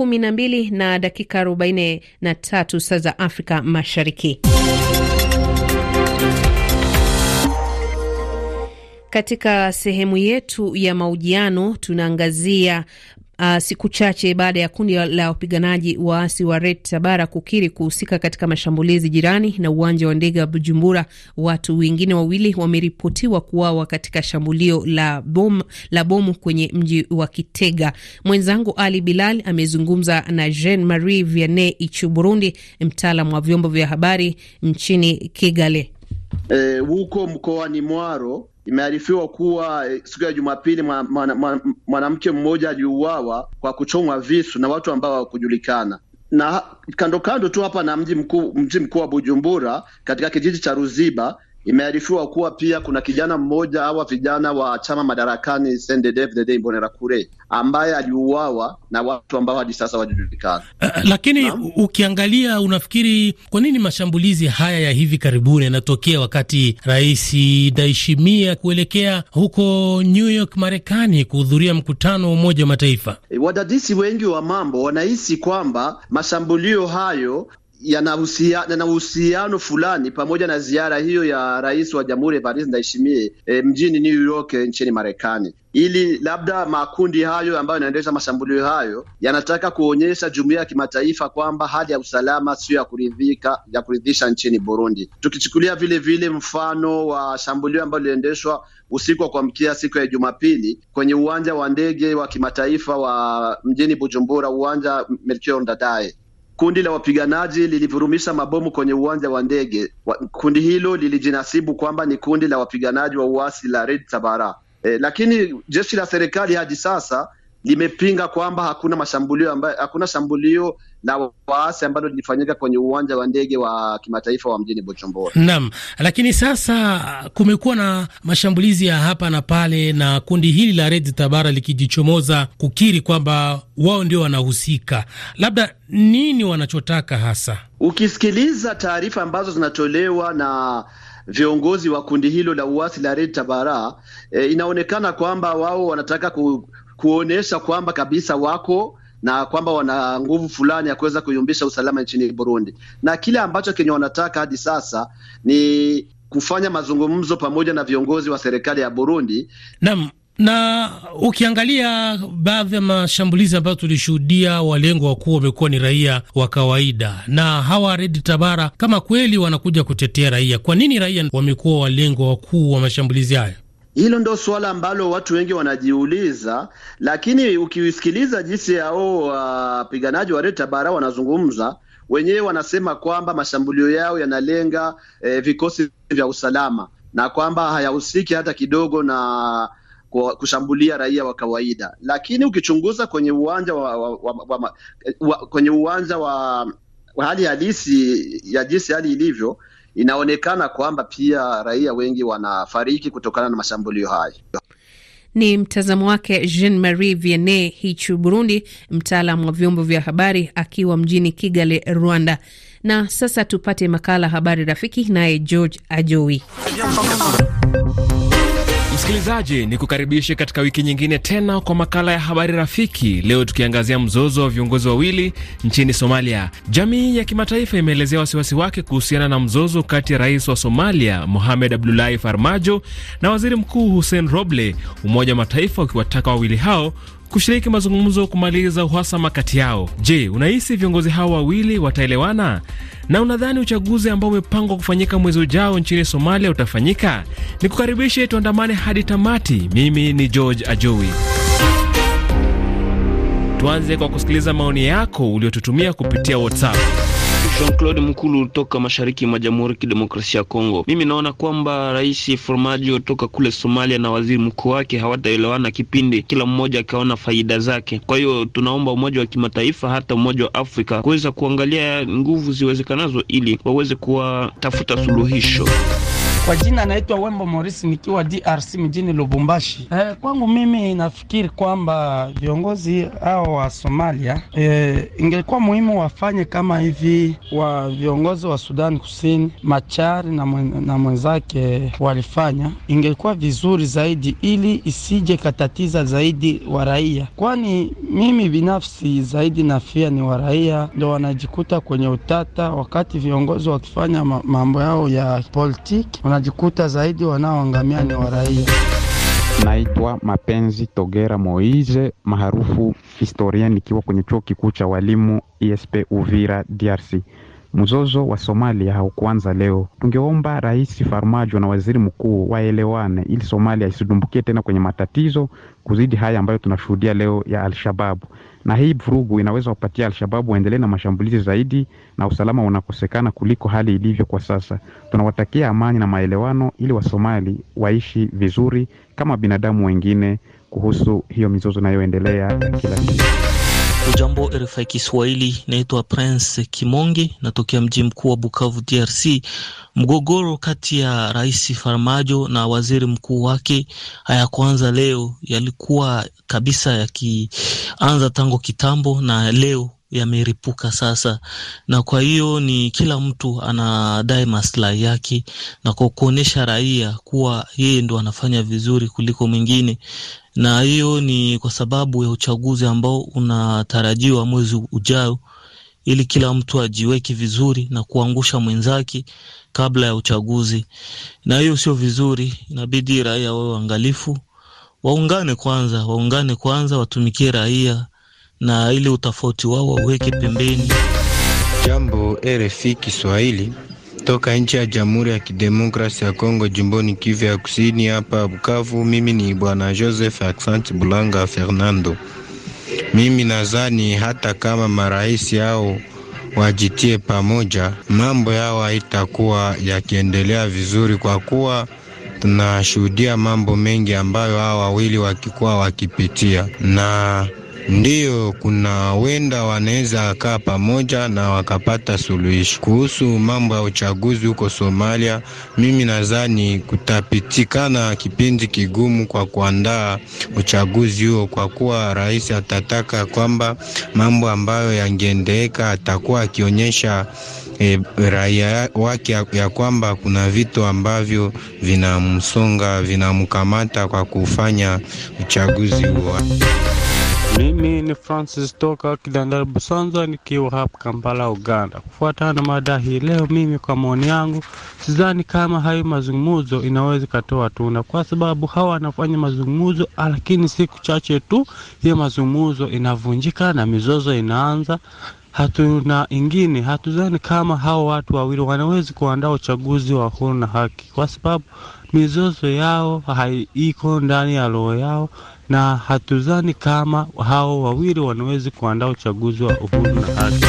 kumi na mbili na dakika arobaini na tatu saa za Afrika Mashariki. Katika sehemu yetu ya mahojiano tunaangazia uh, siku chache baada ya kundi la wapiganaji waasi wa Red Tabara kukiri kuhusika katika mashambulizi jirani na uwanja wa ndege wa Bujumbura. Watu wengine wawili wameripotiwa kuwawa katika shambulio la bomu la bomu kwenye mji wa Kitega. Mwenzangu Ali Bilal amezungumza na Jean Marie Vianney Ichu Burundi, mtaalam wa vyombo vya habari nchini Kigali. E, huko mkoani Mwaro Imearifiwa kuwa eh, siku ya Jumapili mwanamke mmoja aliuawa kwa kuchomwa visu na watu ambao hawakujulikana na kando kando tu hapa na mji mkuu mji mkuu wa Bujumbura katika kijiji cha Ruziba Imearifiwa kuwa pia kuna kijana mmoja awa vijana wa chama madarakani CNDD-FDD Imbonerakure ambaye aliuawa na watu ambao hadi sasa wajulikana. Uh, eh, eh, lakini na, ukiangalia unafikiri kwa nini mashambulizi haya ya hivi karibuni yanatokea wakati Rais daishimia kuelekea huko New York Marekani kuhudhuria mkutano wa Umoja wa Mataifa? Eh, wadadisi wengi wa mambo wanahisi kwamba mashambulio hayo yana uhusiano fulani pamoja na ziara hiyo ya rais wa jamhuri Evariste Ndayishimiye e, mjini New York eh, nchini Marekani, ili labda makundi hayo ambayo yanaendesha mashambulio hayo yanataka kuonyesha jumuiya ya kimataifa kwamba hali ya usalama siyo ya kuridhika ya kuridhisha nchini Burundi, tukichukulia vile vile mfano wa shambulio ambalo liliendeshwa usiku wa kuamkia siku ya Jumapili kwenye uwanja wa ndege wa kimataifa wa mjini Bujumbura, uwanja Melchior Ndadaye kundi la wapiganaji lilivurumisha mabomu kwenye uwanja wa ndege. Kundi hilo lilijinasibu kwamba ni kundi la wapiganaji wa uasi la Red Tabara. E, lakini jeshi la serikali hadi sasa limepinga kwamba hakuna mashambulio ambayo, hakuna shambulio la waasi ambalo lilifanyika kwenye uwanja wa ndege wa kimataifa wa mjini Bujumbura. Naam, lakini sasa kumekuwa na mashambulizi ya hapa na pale na kundi hili la Red Tabara likijichomoza kukiri kwamba wao ndio wanahusika. Labda nini wanachotaka hasa? Ukisikiliza taarifa ambazo zinatolewa na viongozi wa kundi hilo la uasi la Red Tabara, e, inaonekana kwamba wao wanataka ku, kuonesha kwamba kabisa wako na kwamba wana nguvu fulani ya kuweza kuyumbisha usalama nchini Burundi, na kile ambacho kenye wanataka hadi sasa ni kufanya mazungumzo pamoja na viongozi wa serikali ya Burundi. Naam, na ukiangalia baadhi ya mashambulizi ambayo tulishuhudia, walengo wakuu wamekuwa ni raia wa kawaida, na hawa Red Tabara kama kweli wanakuja kutetea raia, kwa nini raia wamekuwa walengo wakuu wa mashambulizi hayo? Hilo ndo suala ambalo watu wengi wanajiuliza, lakini ukisikiliza jinsi hao uh, wapiganaji uh, wa Red Tabara wanazungumza wenyewe, wanasema kwamba mashambulio yao yanalenga eh, vikosi vya usalama na kwamba hayahusiki hata kidogo na kushambulia raia wa kawaida. Lakini ukichunguza kwenye uwanja wa, wa, wa, wa, wa, kwenye uwanja wa, wa hali halisi ya jinsi hali ilivyo inaonekana kwamba pia raia wengi wanafariki kutokana na mashambulio hayo. Ni mtazamo wake Jean Marie Vianney Hichu Burundi, mtaalam wa vyombo vya habari akiwa mjini Kigali, Rwanda. Na sasa tupate makala Habari Rafiki naye George Ajoi. Msikilizaji, ni kukaribishe katika wiki nyingine tena kwa makala ya habari rafiki. Leo tukiangazia mzozo wa viongozi wawili nchini Somalia. Jamii ya kimataifa imeelezea wasiwasi wake kuhusiana na mzozo kati ya rais wa Somalia Mohamed Abdullahi Farmajo na waziri mkuu Hussein Roble, Umoja wa Mataifa ukiwataka wawili hao kushiriki mazungumzo kumaliza uhasama kati yao. Je, unahisi viongozi hao wawili wataelewana? Na unadhani uchaguzi ambao umepangwa kufanyika mwezi ujao nchini Somalia utafanyika? Ni kukaribishe tuandamane hadi tamati. Mimi ni George Ajowi. Tuanze kwa kusikiliza maoni yako uliotutumia kupitia WhatsApp. Jean-Claude Mkulu toka mashariki mwa Jamhuri ya Kidemokrasia ya Kongo. Mimi naona kwamba Rais Formajo toka kule Somalia na waziri mkuu wake hawataelewana kipindi kila mmoja akaona faida zake. Kwa hiyo tunaomba Umoja wa Kimataifa, hata Umoja wa Afrika kuweza kuangalia nguvu ziwezekanazo ili waweze kuwatafuta suluhisho. Kwa jina naitwa Wembo Morisi nikiwa DRC mjini Lubumbashi. Eh, kwangu mimi nafikiri kwamba viongozi hao wa Somalia eh, ingekuwa muhimu wafanye kama hivi wa viongozi wa Sudani Kusini Machari na, mwen, na mwenzake walifanya, ingekuwa vizuri zaidi ili isije katatiza zaidi wa raia, kwani mimi binafsi zaidi nafia ni wa raia ndio wanajikuta kwenye utata wakati viongozi wakifanya mambo yao ya politiki wanajikuta zaidi wanaoangamia ni waraia. Naitwa Mapenzi Togera moise maarufu historia, nikiwa kwenye chuo kikuu cha walimu ISP e Uvira, DRC. Mzozo wa Somalia haukuanza leo. Tungeomba Rais Farmajo na waziri mkuu waelewane, ili Somalia isidumbukie tena kwenye matatizo kuzidi haya ambayo tunashuhudia leo ya Alshababu na hii vurugu inaweza kupatia Alshababu waendelee na mashambulizi zaidi, na usalama unakosekana kuliko hali ilivyo kwa sasa. Tunawatakia amani na maelewano, ili Wasomali waishi vizuri kama binadamu wengine, kuhusu hiyo mizozo inayoendelea kila siku. Ujambo RFI Kiswahili, naitwa Prince Kimonge, natokea mji mkuu wa Bukavu, DRC. Mgogoro kati ya Rais Farmajo na waziri mkuu wake hayakuanza leo, yalikuwa kabisa yakianza tangu kitambo, na leo yameripuka sasa, na kwa hiyo ni kila mtu anadai maslahi yake, na kwa kuonyesha raia kuwa yeye ndo anafanya vizuri kuliko mwingine, na hiyo ni kwa sababu ya uchaguzi ambao unatarajiwa mwezi ujao, ili kila mtu ajiweke vizuri na kuangusha mwenzake kabla ya uchaguzi, na hiyo sio vizuri. Inabidi raia wawe waangalifu, waungane kwanza, waungane kwanza, watumikie raia na ili utofauti wao waweke pembeni. Jambo RFI Kiswahili toka nchi ya Jamhuri ya Kidemokrasi ya Kongo, jimboni Kivu ya Kusini, hapa Bukavu. Mimi ni bwana Joseph Accent Bulanga Fernando. Mimi nadhani hata kama marais yao wajitie pamoja, mambo yao haitakuwa yakiendelea vizuri, kwa kuwa tunashuhudia mambo mengi ambayo hao wawili wakikuwa wakipitia na Ndiyo, kuna wenda wanaweza kaa pamoja na wakapata suluhisho kuhusu mambo ya uchaguzi huko Somalia. Mimi nadhani kutapitikana kipindi kigumu kwa kuandaa uchaguzi huo, kwa kuwa rais atataka kwamba mambo ambayo yangeendeka atakuwa akionyesha E, raia wake ya, ya kwamba kuna vitu ambavyo vinamsonga vinamkamata kwa kufanya uchaguzi huo. Mimi ni Francis toka Kidandari Busanza, nikiwa hapa Kampala, Uganda. Kufuatana na mada hii leo, mimi kwa maoni yangu sidhani kama hayo mazungumzo inaweza ikatoa tunda, kwa sababu hawa wanafanya mazungumzo, lakini siku chache tu hiyo mazungumzo inavunjika na mizozo inaanza. Hatuna ingine, hatuzani kama hao watu wawili wanaweza kuandaa uchaguzi wa huru na haki, kwa sababu mizozo yao haiko ndani ya roho yao na hatuzani kama hao wawili wanaweza kuandaa uchaguzi wa uhuru na haki.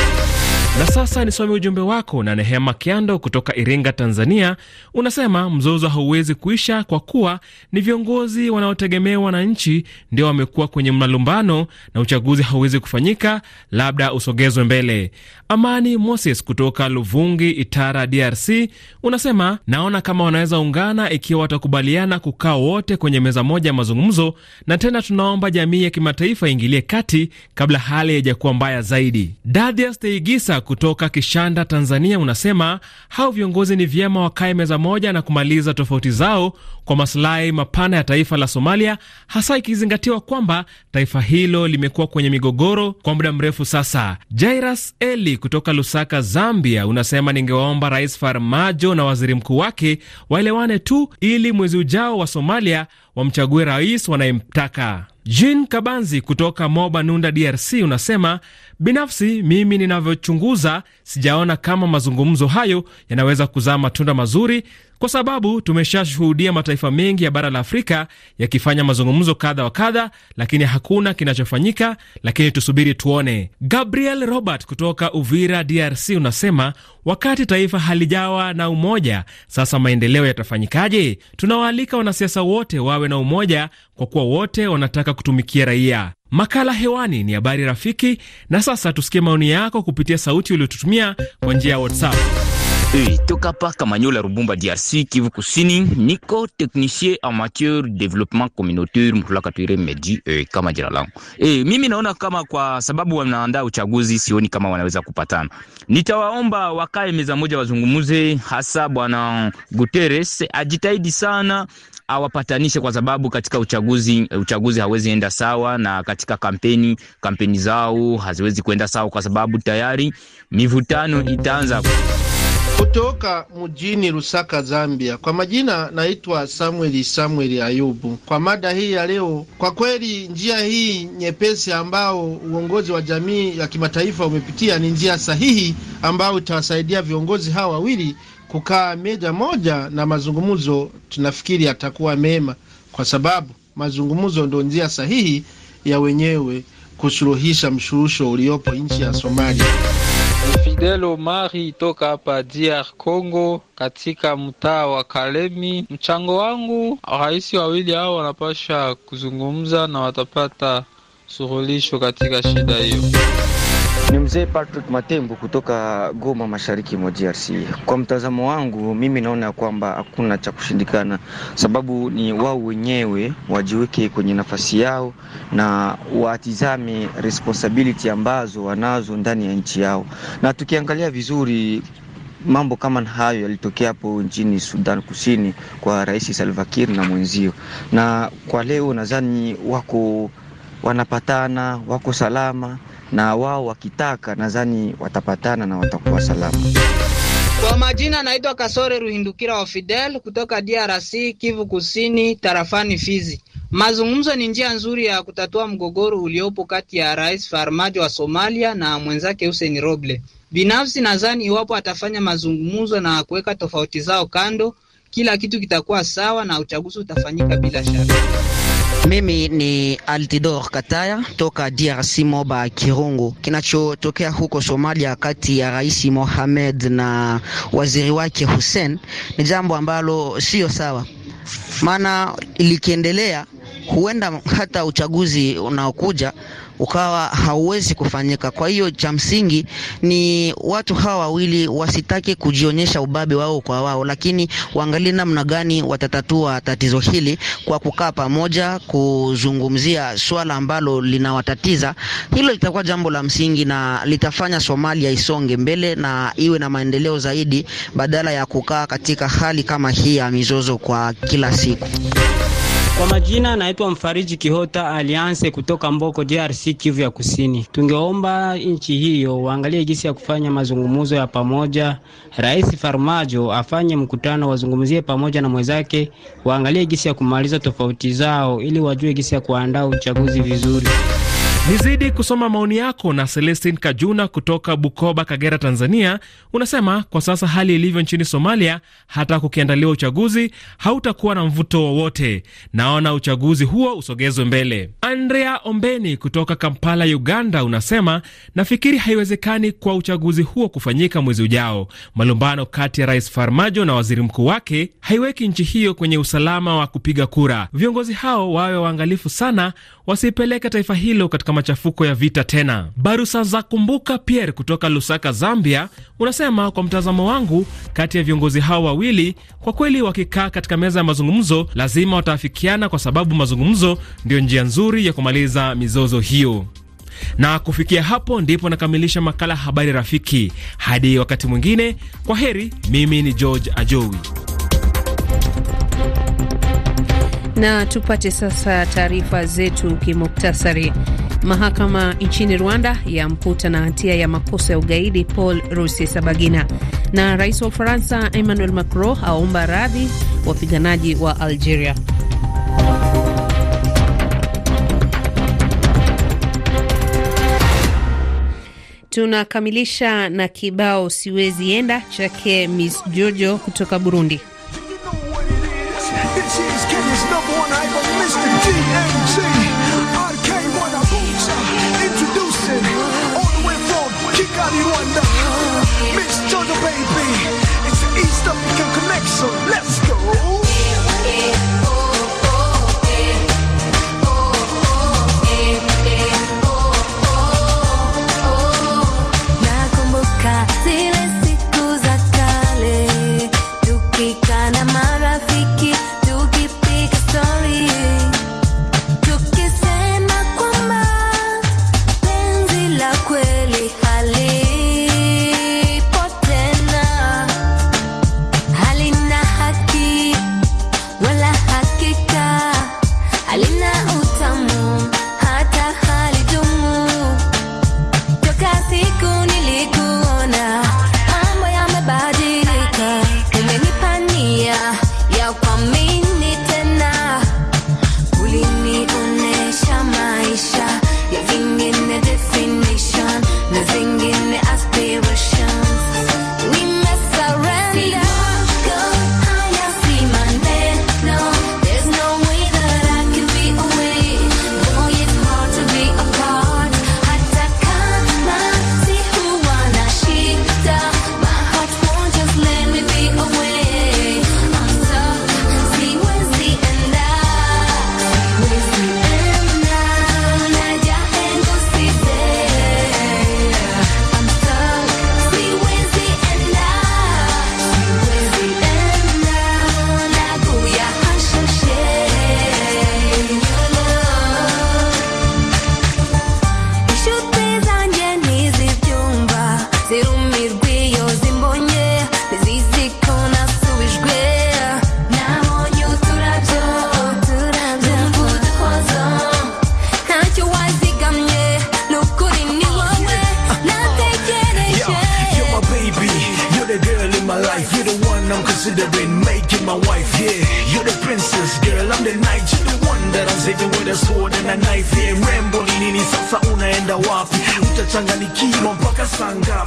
Na sasa nisome ujumbe wako na Nehema Kiando kutoka Iringa, Tanzania. Unasema mzozo hauwezi kuisha kwa kuwa ni viongozi wanaotegemea wananchi ndio wamekuwa kwenye malumbano na uchaguzi hauwezi kufanyika, labda usogezwe mbele. Amani Moses kutoka Luvungi, Itara, DRC unasema naona kama wanaweza ungana ikiwa watakubaliana kukaa wote kwenye meza moja ya mazungumzo, na tena tunaomba jamii ya kimataifa iingilie kati kabla hali haijakuwa mbaya zaidi. Dadias Teigisa kutoka Kishanda, Tanzania, unasema hao viongozi ni vyema wakae meza moja na kumaliza tofauti zao kwa masilahi mapana ya taifa la Somalia, hasa ikizingatiwa kwamba taifa hilo limekuwa kwenye migogoro kwa muda mrefu sasa. Jairas Eli kutoka Lusaka, Zambia, unasema ningewaomba Rais Farmajo na waziri mkuu wake waelewane tu, ili mwezi ujao wa Somalia wamchague rais wanayemtaka. Jean Kabanzi kutoka Moba Nunda, DRC, unasema binafsi, mimi ninavyochunguza, sijaona kama mazungumzo hayo yanaweza kuzaa matunda mazuri, kwa sababu tumeshashuhudia mataifa mengi ya bara la Afrika yakifanya mazungumzo kadha wa kadha, lakini hakuna kinachofanyika. Lakini tusubiri tuone. Gabriel Robert kutoka Uvira, DRC, unasema Wakati taifa halijawa na umoja, sasa maendeleo yatafanyikaje? Tunawaalika wanasiasa wote wawe na umoja, kwa kuwa wote wanataka kutumikia raia. Makala hewani ni habari rafiki, na sasa tusikie maoni yako kupitia sauti uliotutumia kwa njia ya WhatsApp. Hey, toka Park Kamanyola Rubumba DRC Kivu Kusini, niko teknisie amateur matière development communautaire Mtulakatwire Meji eh, kama jina langu. Eh, mimi naona kama kwa sababu wanaandaa uchaguzi sioni kama wanaweza kupatana. Nitawaomba wakae meza moja wazungumuze, hasa bwana Guterres ajitahidi sana awapatanishe kwa sababu katika uchaguzi uchaguzi hawezi enda sawa, na katika kampeni kampeni zao haziwezi kwenda sawa kwa sababu tayari mivutano itaanza kutoka mjini Lusaka, Zambia. Kwa majina naitwa Samuel Samuel Ayubu. Kwa mada hii ya leo, kwa kweli njia hii nyepesi ambao uongozi wa jamii ya kimataifa umepitia ni njia sahihi ambayo itawasaidia viongozi hawa wawili kukaa meja moja, na mazungumzo tunafikiri yatakuwa mema, kwa sababu mazungumzo ndio njia sahihi ya wenyewe kusuluhisha mshurusho uliopo nchi ya Somalia. Fidel Omari toka hapa DR Congo katika mtaa wa Kalemi. Mchango wangu, rais wawili hao wanapasha kuzungumza na watapata suluhisho katika shida hiyo. Ni mzee Patrick matembo kutoka Goma, mashariki mwa DRC. Kwa mtazamo wangu mimi naona ya kwamba hakuna cha kushindikana, sababu ni wao wenyewe wajiweke kwenye nafasi yao na watizame responsibility ambazo wanazo ndani ya nchi yao, na tukiangalia vizuri mambo kama hayo yalitokea hapo nchini Sudan Kusini kwa Rais Salva Kiir na mwenzio, na kwa leo nadhani wako wanapatana, wako salama na wao wakitaka, nadhani watapatana na watakuwa salama. Kwa majina anaitwa Kasore Ruhindukira wa Fidel kutoka DRC, Kivu Kusini, tarafani Fizi. Mazungumzo ni njia nzuri ya kutatua mgogoro uliopo kati ya Rais Farmajo wa Somalia na mwenzake Hussein Roble. Binafsi nadhani iwapo atafanya mazungumzo na kuweka tofauti zao kando, kila kitu kitakuwa sawa na uchaguzi utafanyika bila shaka. Mimi ni Altidor Kataya toka DRC, Moba Kirungu. Kinachotokea huko Somalia kati ya Rais Mohamed na waziri wake Hussein ni jambo ambalo sio sawa, maana likiendelea huenda hata uchaguzi unaokuja ukawa hauwezi kufanyika. Kwa hiyo cha msingi ni watu hawa wawili wasitake kujionyesha ubabe wao kwa wao, lakini waangalie namna gani watatatua tatizo hili kwa kukaa pamoja, kuzungumzia swala ambalo linawatatiza. Hilo litakuwa jambo la msingi na litafanya Somalia isonge mbele na iwe na maendeleo zaidi, badala ya kukaa katika hali kama hii ya mizozo kwa kila siku. Kwa majina naitwa Mfariji Kihota alianse kutoka Mboko, DRC, Kivu ya Kusini. Tungeomba nchi hiyo waangalie jinsi ya kufanya mazungumzo ya pamoja. Rais Farmajo afanye mkutano, wazungumzie pamoja na mwenzake, waangalie jinsi ya kumaliza tofauti zao, ili wajue jinsi ya kuandaa uchaguzi vizuri. Nizidi kusoma maoni yako na Celestin Kajuna kutoka Bukoba, Kagera, Tanzania. Unasema kwa sasa hali ilivyo nchini Somalia, hata kukiandaliwa uchaguzi hautakuwa na mvuto wowote. Naona uchaguzi huo usogezwe mbele. Andrea Ombeni kutoka Kampala, Uganda, unasema nafikiri haiwezekani kwa uchaguzi huo kufanyika mwezi ujao. Malumbano kati ya Rais Farmajo na waziri mkuu wake haiweki nchi hiyo kwenye usalama wa kupiga kura. Viongozi hao wawe waangalifu sana wasipeleke taifa hilo katika machafuko ya vita tena. Barusa za kumbuka Pierre kutoka Lusaka, Zambia, unasema kwa mtazamo wangu, kati ya viongozi hao wawili kwa kweli, wakikaa katika meza ya mazungumzo lazima wataafikiana, kwa sababu mazungumzo ndiyo njia nzuri ya kumaliza mizozo hiyo. Na kufikia hapo ndipo nakamilisha makala Habari Rafiki. Hadi wakati mwingine, kwa heri. Mimi ni George Ajowi. Na tupate sasa taarifa zetu kimuktasari. Mahakama nchini Rwanda yamkuta na hatia ya makosa ya ugaidi Paul Rusesabagina, na rais wa Ufaransa Emmanuel Macron aomba radhi wapiganaji wa Algeria. Tunakamilisha na kibao siwezi enda chake Miss Jojo kutoka Burundi. He's number one hype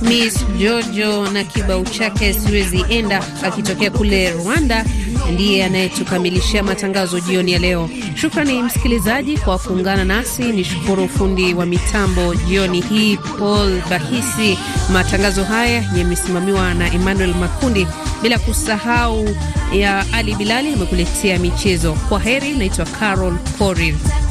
Miss Jojo na kibao chake siwezi enda, akitokea kule Rwanda, ndiye anayetukamilishia matangazo jioni ya leo. Shukrani msikilizaji kwa kuungana nasi, ni shukuru fundi wa mitambo jioni hii Paul Bahisi. Matangazo haya yamesimamiwa na Emmanuel Makundi, bila kusahau ya Ali Bilali amekuletea michezo. Kwa heri, naitwa Carol Korir.